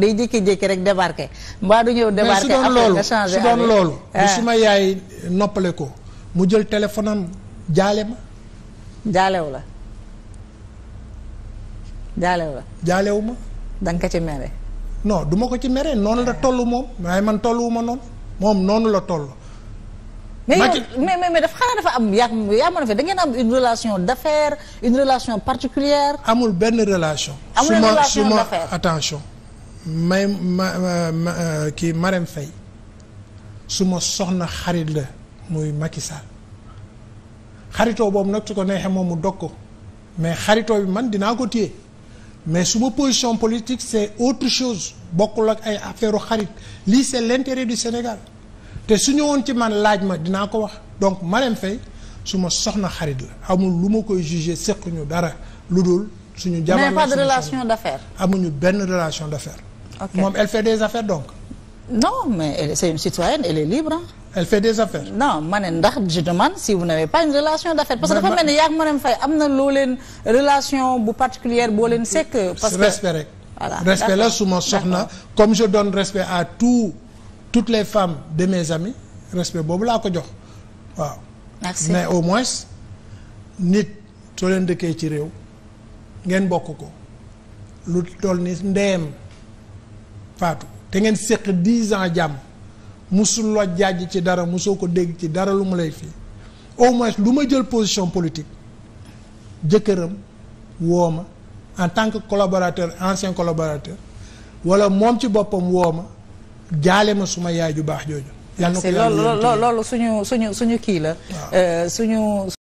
day jékki-jékki rek débarqué mbaa du ñëw débarqué après nga changé su doon loolu bu ah. su ma yaay noppale ko mu jël téléphone am jaale ma jaalewu la jaalewu la jaalewu ma danga ko ci mere non du ko ci mere noonu la ah. tollu moom waaye man tolluwu ma noonu moom noonu la toll mais mais mais dafa xanaa dafa am yaa yaa ma ne fa da ngeen am une relation d'affaires une relation particulière amul benn relation su ma su attention may ma ma euh, kii Marème fay su ma soxna xarit la muy Macky xaritoo boobu nag su ko neexee moom mu dog ko mais xaritoo bi man dinaa ko téye mais su ma position politique c'est autre chose bokkul ak ay affaire xarit lii c'est l'intérêt du Sénégal te su ñëwoon ci man laaj ma dinaa ko wax donc Marème fay su ma soxna xarit la amul lu ma koy juger sequñu dara lu dul suñu jabar mais pas de relation d'affaires amuñu benn relation d'affaires moom elle fait des affaires donc. non mais c'est une citoyenne elle est libre. elle fait des affaires. non ma ndax je demande si vous n'avez pas une relation d'affaires. parce que dafa ni yaa ngi mën am na loo leen relation bu particulière boo leen sekk. parce que respect rek. voilà respect la su ma soxna. comme je donne respect à tout toutes les femmes de mes amis respect boobu laa ko jox waaw. mais au moins nit soo leen dëkkee ci réew ngeen bokk ko lu toll ni ndeyam. faatu te ngeen séq dix ans jàmm musuloo jàjj ci dara musoo ko dégg ci dara lu ma lay fii au moins lu ma jël position politique jëkkëram woo ma en tant que collaborateur ancien collaborateur wala moom ci boppam woo ma jaale ma suma yaay ju baax jooju. yàlla na ko loolu suñu suñu suñu kii la. Euh, suñu.